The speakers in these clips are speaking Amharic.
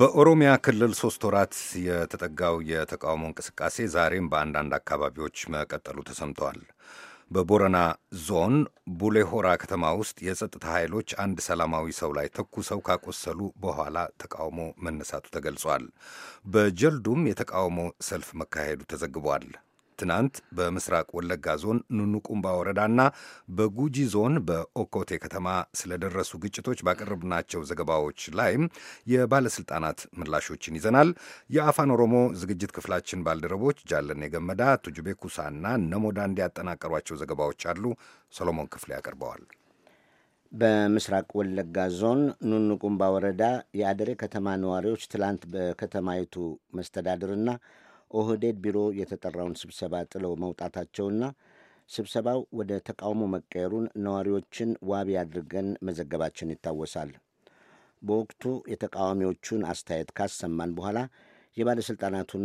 በኦሮሚያ ክልል ሶስት ወራት የተጠጋው የተቃውሞ እንቅስቃሴ ዛሬም በአንዳንድ አካባቢዎች መቀጠሉ ተሰምተዋል። በቦረና ዞን ቡሌሆራ ከተማ ውስጥ የጸጥታ ኃይሎች አንድ ሰላማዊ ሰው ላይ ተኩሰው ካቆሰሉ በኋላ ተቃውሞ መነሳቱ ተገልጿል። በጀልዱም የተቃውሞ ሰልፍ መካሄዱ ተዘግቧል። ትናንት በምስራቅ ወለጋ ዞን ኑኑቁምባ ወረዳና በጉጂ ዞን በኦኮቴ ከተማ ስለደረሱ ግጭቶች ባቀረብናቸው ዘገባዎች ላይም የባለስልጣናት ምላሾችን ይዘናል። የአፋን ኦሮሞ ዝግጅት ክፍላችን ባልደረቦች ጃለኔ ገመዳ፣ ቱጁቤ ኩሳና ነሞዳ እንዲያጠናቀሯቸው ዘገባዎች አሉ። ሰሎሞን ክፍሌ ያቀርበዋል። በምስራቅ ወለጋ ዞን ኑኑቁምባ ወረዳ የአደሬ ከተማ ነዋሪዎች ትላንት በከተማይቱ መስተዳድርና ኦህዴድ ቢሮ የተጠራውን ስብሰባ ጥለው መውጣታቸውና ስብሰባው ወደ ተቃውሞ መቀየሩን ነዋሪዎችን ዋቢ አድርገን መዘገባችን ይታወሳል። በወቅቱ የተቃዋሚዎቹን አስተያየት ካሰማን በኋላ የባለሥልጣናቱን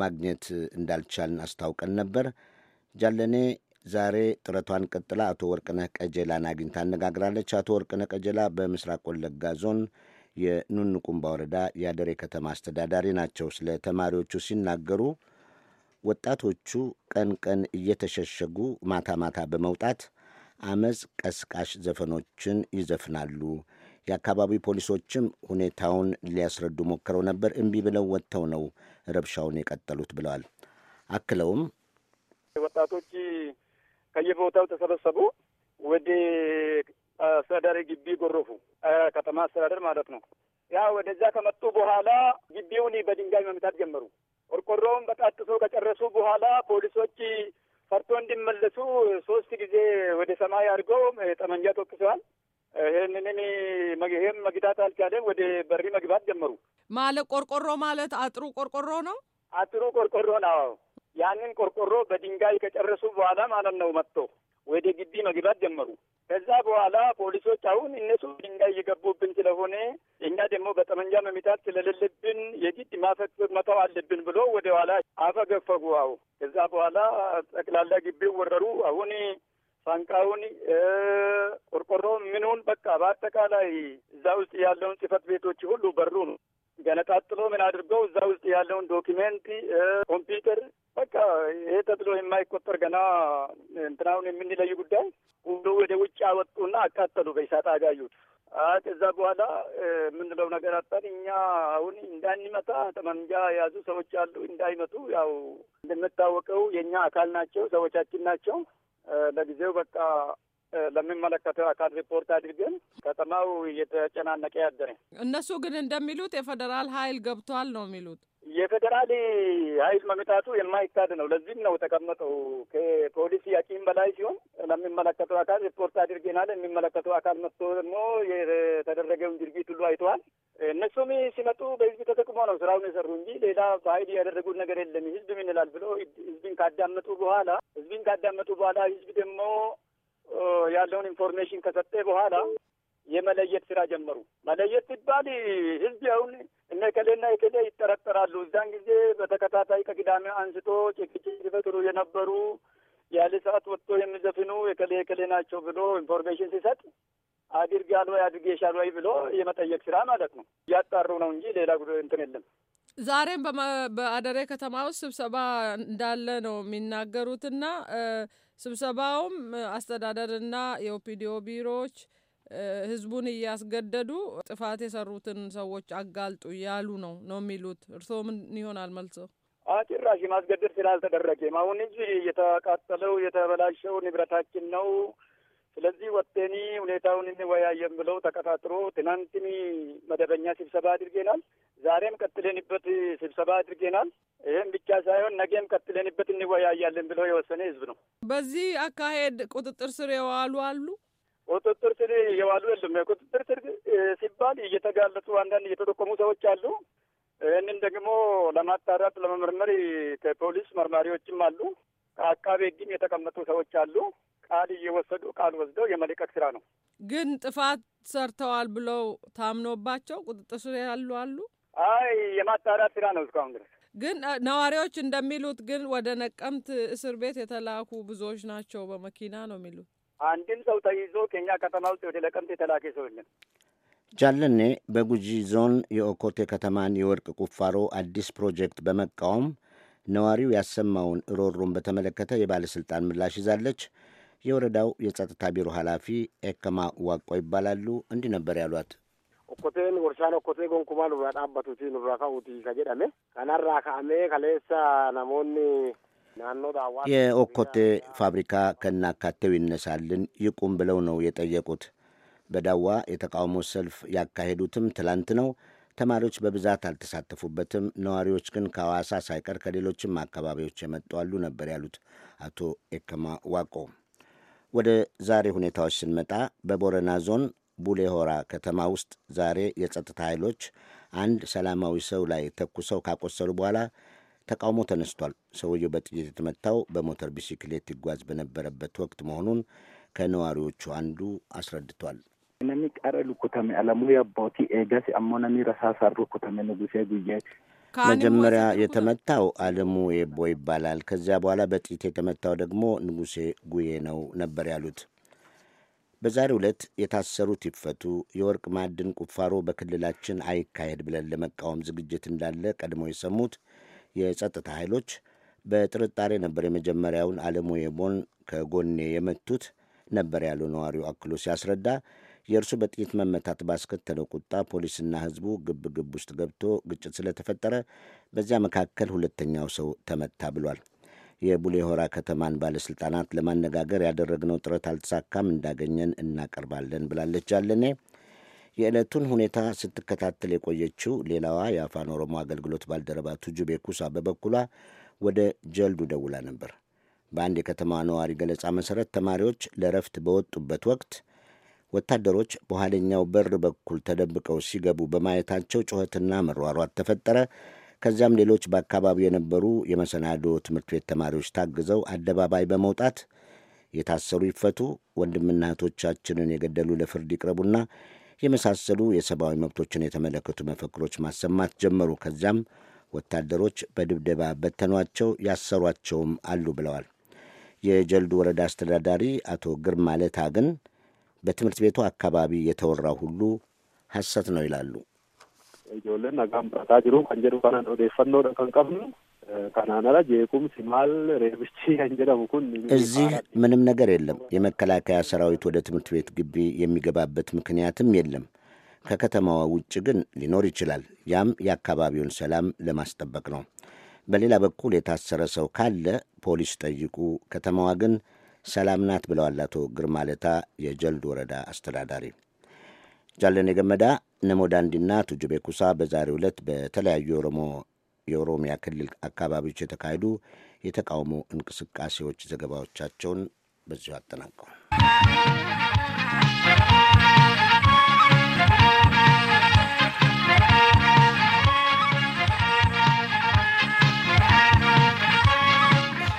ማግኘት እንዳልቻልን አስታውቀን ነበር። ጃለኔ ዛሬ ጥረቷን ቀጥላ አቶ ወርቅነህ ቀጀላን አግኝታ አነጋግራለች። አቶ ወርቅነህ ቀጀላ በምስራቅ ወለጋ ዞን የኑንቁምባ ወረዳ የአደሬ ከተማ አስተዳዳሪ ናቸው። ስለ ተማሪዎቹ ሲናገሩ ወጣቶቹ ቀን ቀን እየተሸሸጉ ማታ ማታ በመውጣት አመፅ ቀስቃሽ ዘፈኖችን ይዘፍናሉ። የአካባቢ ፖሊሶችም ሁኔታውን ሊያስረዱ ሞክረው ነበር። እምቢ ብለው ወጥተው ነው ረብሻውን የቀጠሉት ብለዋል። አክለውም ወጣቶች ከየቦታው ተሰበሰቡ። ወደ አስተዳዳሪ ግቢ ጎረፉ፣ ከተማ አስተዳደር ማለት ነው። ያ ወደዛ ከመጡ በኋላ ግቢውን በድንጋይ መምታት ጀመሩ። ቆርቆሮውን በጣጥሶ ከጨረሱ በኋላ ፖሊሶች ፈርቶ እንዲመለሱ ሶስት ጊዜ ወደ ሰማይ አድርገው ጠመንጃ ተኩሰዋል። ይህንንም ይህም መግዳት አልቻለም። ወደ በሪ መግባት ጀመሩ። ማለት ቆርቆሮ ማለት አጥሩ ቆርቆሮ ነው። አጥሩ ቆርቆሮ ነው። ያንን ቆርቆሮ በድንጋይ ከጨረሱ በኋላ ማለት ነው መጥቶ ወደ ግቢ መግባት ጀመሩ። ከዛ በኋላ ፖሊሶች አሁን እነሱ ድንጋይ እየገቡብን ስለሆነ እኛ ደግሞ በጠመንጃ መሚታት ስለሌለብን የግድ ማፈት መተው አለብን ብሎ ወደ ኋላ አፈገፈጉ። አው ከዛ በኋላ ጠቅላላ ግቢው ወረሩ። አሁን ፋንቃውን፣ ቆርቆሮ፣ ምኑን በቃ በአጠቃላይ እዛ ውስጥ ያለውን ጽህፈት ቤቶች ሁሉ ነው ገነጣጥሎ ምን አድርገው እዛ ውስጥ ያለውን ዶኪሜንት፣ ኮምፒውተር በቃ ይሄ ተብሎ የማይቆጠር ገና እንትናሁን የምንለይ ጉዳይ ሁሉ ወደ ውጭ አወጡና አቃጠሉ። በእሳት አጋዩት። ከዛ በኋላ የምንለው ነገር አጣን። እኛ አሁን እንዳንመታ ጠመንጃ የያዙ ሰዎች አሉ። እንዳይመቱ ያው እንደምታወቀው የእኛ አካል ናቸው፣ ሰዎቻችን ናቸው። ለጊዜው በቃ ለሚመለከተው አካል ሪፖርት አድርገን ከተማው እየተጨናነቀ ያደረ። እነሱ ግን እንደሚሉት የፌዴራል ኃይል ገብቷል ነው የሚሉት። የፌዴራል ኃይል መምጣቱ የማይካድ ነው። ለዚህም ነው ተቀመጠው ከፖሊስ ያቂም በላይ ሲሆን የሚመለከተው አካል ሪፖርት አድርገናል። የሚመለከተው አካል መጥቶ ደግሞ የተደረገውን ድርጊት ሁሉ አይተዋል። እነሱም ሲመጡ በህዝብ ተጠቅሞ ነው ስራውን የሰሩ እንጂ ሌላ በሀይል ያደረጉት ነገር የለም። ህዝብ ምን ይላል ብሎ ህዝብን ካዳመጡ በኋላ ህዝብን ካዳመጡ በኋላ ህዝብ ደግሞ ያለውን ኢንፎርሜሽን ከሰጠ በኋላ የመለየት ስራ ጀመሩ። መለየት ሲባል ህዝብ አሁን እነ ከሌና የከሌ ይጠረጠራሉ። እዛን ጊዜ በተከታታይ ከቅዳሜ አንስቶ ጭቅጭቅ ሲፈጥሩ የነበሩ ያለ ሰዓት ወጥቶ የሚዘፍኑ የከሌ የከሌ ናቸው ብሎ ኢንፎርሜሽን ሲሰጥ አድርጋል ወይ አድርጌሻል ወይ ብሎ የመጠየቅ ስራ ማለት ነው። እያጣሩ ነው እንጂ ሌላ እንትን የለም። ዛሬም በአደሬ ከተማ ውስጥ ስብሰባ እንዳለ ነው የሚናገሩትና ስብሰባውም አስተዳደርና የኦፒዲዮ ቢሮዎች ህዝቡን እያስገደዱ ጥፋት የሰሩትን ሰዎች አጋልጡ እያሉ ነው ነው የሚሉት። እርስዎ ምን ይሆናል መልሰው? ጭራሽ ማስገደድ ስላልተደረገም አሁን እንጂ የተቃጠለው የተበላሸው ንብረታችን ነው። ስለዚህ ወጥተን ሁኔታውን እንወያየን ብለው ተቀጣጥሮ ትናንትም መደበኛ ስብሰባ አድርገናል ዛሬም ቀጥለንበት ስብሰባ አድርገናል። ይህም ብቻ ሳይሆን ነገም ቀጥለንበት እንወያያለን ብለው የወሰነ ህዝብ ነው። በዚህ አካሄድ ቁጥጥር ስር የዋሉ አሉ። ቁጥጥር ስር የዋሉ የለም። ቁጥጥር ስር ሲባል እየተጋለጡ አንዳንድ እየተጠቆሙ ሰዎች አሉ። ይህንን ደግሞ ለማጣራት ለመመርመር ከፖሊስ መርማሪዎችም አሉ፣ ከአቃቤ ሕግም የተቀመጡ ሰዎች አሉ። ቃል እየወሰዱ ቃል ወስደው የመልቀቅ ስራ ነው። ግን ጥፋት ሰርተዋል ብለው ታምኖባቸው ቁጥጥር ስር ያሉ አሉ። አይ የማጣራት ስራ ነው እስካሁን ድረስ። ግን ነዋሪዎች እንደሚሉት ግን ወደ ነቀምት እስር ቤት የተላኩ ብዙዎች ናቸው። በመኪና ነው የሚሉት። አንድም ሰው ተይዞ ከኛ ከተማ ውስጥ ወደ ነቀምት የተላከ ሰው የለም። ጃለኔ በጉጂ ዞን የኦኮቴ ከተማን የወርቅ ቁፋሮ አዲስ ፕሮጀክት በመቃወም ነዋሪው ያሰማውን ሮሮን በተመለከተ የባለሥልጣን ምላሽ ይዛለች። የወረዳው የጸጥታ ቢሮ ኃላፊ ኤከማ ዋቆ ይባላሉ። እንዲህ ነበር ያሏት። ኦኮቴን ወርሻን ኦኮቴ ጎንኩማ ኑራ ዳባቱቲ ኑራ ካኡቲ ከጀዳሜ ከናራ ከአሜ ከሌሳ ናሞኒ የኦኮቴ ፋብሪካ ከናካቴው ይነሳልን ይቁም ብለው ነው የጠየቁት። በዳዋ የተቃውሞ ሰልፍ ያካሄዱትም ትላንት ነው። ተማሪዎች በብዛት አልተሳተፉበትም። ነዋሪዎች ግን ከሐዋሳ ሳይቀር ከሌሎችም አካባቢዎች የመጡ አሉ ነበር ያሉት አቶ ኤከማ ዋቆ። ወደ ዛሬ ሁኔታዎች ስንመጣ በቦረና ዞን ቡሌሆራ ከተማ ውስጥ ዛሬ የጸጥታ ኃይሎች አንድ ሰላማዊ ሰው ላይ ተኩሰው ካቆሰሉ በኋላ ተቃውሞ ተነስቷል። ሰውየው በጥይት የተመታው በሞተር ቢሲክሌት ይጓዝ በነበረበት ወቅት መሆኑን ከነዋሪዎቹ አንዱ አስረድቷል። Namni qara lukutame አለሙ ያቦቲ ኤገስ አሞ ነሚ ረሳሳ ሩኩተሜ ንጉሴ ጉዬ መጀመሪያ የተመታው አለሙ የቦ ይባላል። ከዚያ በኋላ በጥይት የተመታው ደግሞ ንጉሴ ጉዬ ነው ነበር ያሉት። በዛሬ ዕለት የታሰሩት ይፈቱ፣ የወርቅ ማዕድን ቁፋሮ በክልላችን አይካሄድ ብለን ለመቃወም ዝግጅት እንዳለ ቀድሞ የሰሙት የጸጥታ ኃይሎች በጥርጣሬ ነበር የመጀመሪያውን አለሙ የቦን ከጎኔ የመቱት ነበር ያሉ ነዋሪው አክሎ ሲያስረዳ የእርሱ በጥይት መመታት ባስከተለው ቁጣ ፖሊስና ሕዝቡ ግብ ውስጥ ገብቶ ግጭት ስለተፈጠረ በዚያ መካከል ሁለተኛው ሰው ተመታ ብሏል። የቡሌሆራ ከተማን ባለሥልጣናት ለማነጋገር ያደረግነው ጥረት አልተሳካም። እንዳገኘን እናቀርባለን ብላለች ጃለኔ። የዕለቱን ሁኔታ ስትከታተል የቆየችው ሌላዋ የአፋን ኦሮሞ አገልግሎት ባልደረባ ቱጁቤ ኩሳ በበኩሏ ወደ ጀልዱ ደውላ ነበር። በአንድ የከተማዋ ነዋሪ ገለጻ መሠረት ተማሪዎች ለረፍት በወጡበት ወቅት ወታደሮች በኋለኛው በር በኩል ተደብቀው ሲገቡ በማየታቸው ጩኸትና መሯሯት ተፈጠረ። ከዚያም ሌሎች በአካባቢው የነበሩ የመሰናዶ ትምህርት ቤት ተማሪዎች ታግዘው አደባባይ በመውጣት የታሰሩ ይፈቱ፣ ወንድምና እህቶቻችንን የገደሉ ለፍርድ ይቅረቡና የመሳሰሉ የሰብአዊ መብቶችን የተመለከቱ መፈክሮች ማሰማት ጀመሩ። ከዚያም ወታደሮች በድብደባ በተኗቸው፣ ያሰሯቸውም አሉ ብለዋል። የጀልዱ ወረዳ አስተዳዳሪ አቶ ግርማ ለታ ግን በትምህርት ቤቱ አካባቢ የተወራ ሁሉ ሐሰት ነው ይላሉ። ijoolleen nagaa murataa jiru kan jedhu kanaan odeeffannoodha kan qabnu kanaanara jeequmsi maal reebichi kan jedhamu kun እዚህ ምንም ነገር የለም። የመከላከያ ሰራዊት ወደ ትምህርት ቤት ግቢ የሚገባበት ምክንያትም የለም። ከከተማዋ ውጭ ግን ሊኖር ይችላል። ያም የአካባቢውን ሰላም ለማስጠበቅ ነው። በሌላ በኩል የታሰረ ሰው ካለ ፖሊስ ጠይቁ፣ ከተማዋ ግን ሰላም ናት ብለዋል አቶ ግርማ ለታ የጀልድ ወረዳ አስተዳዳሪ። ጃለኔ ገመዳ፣ ነሞዳንዲና ቱጁቤ ኩሳ በዛሬ ዕለት በተለያዩ የኦሮሚያ ክልል አካባቢዎች የተካሄዱ የተቃውሞ እንቅስቃሴዎች ዘገባዎቻቸውን በዚሁ አጠናቀዋል።